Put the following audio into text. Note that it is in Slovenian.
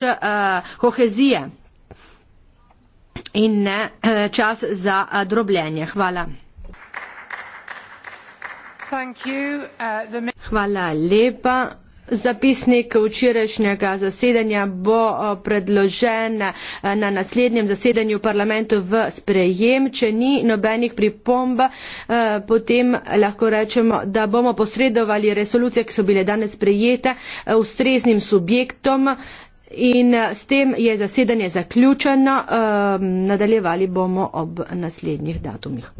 uh, kohezije in ne uh, čas za uh, drobljenje. Hvala. Hvala lepa. Zapisnik včerajšnjega zasedanja bo predložen na naslednjem zasedanju parlamentu v sprejem. Če ni nobenih pripomb, potem lahko rečemo, da bomo posredovali resolucije, ki so bile danes sprejete, ustreznim subjektom. In eh, s tem je zasedanje zaključeno, ehm, nadaljevali bomo ob naslednjih datumih.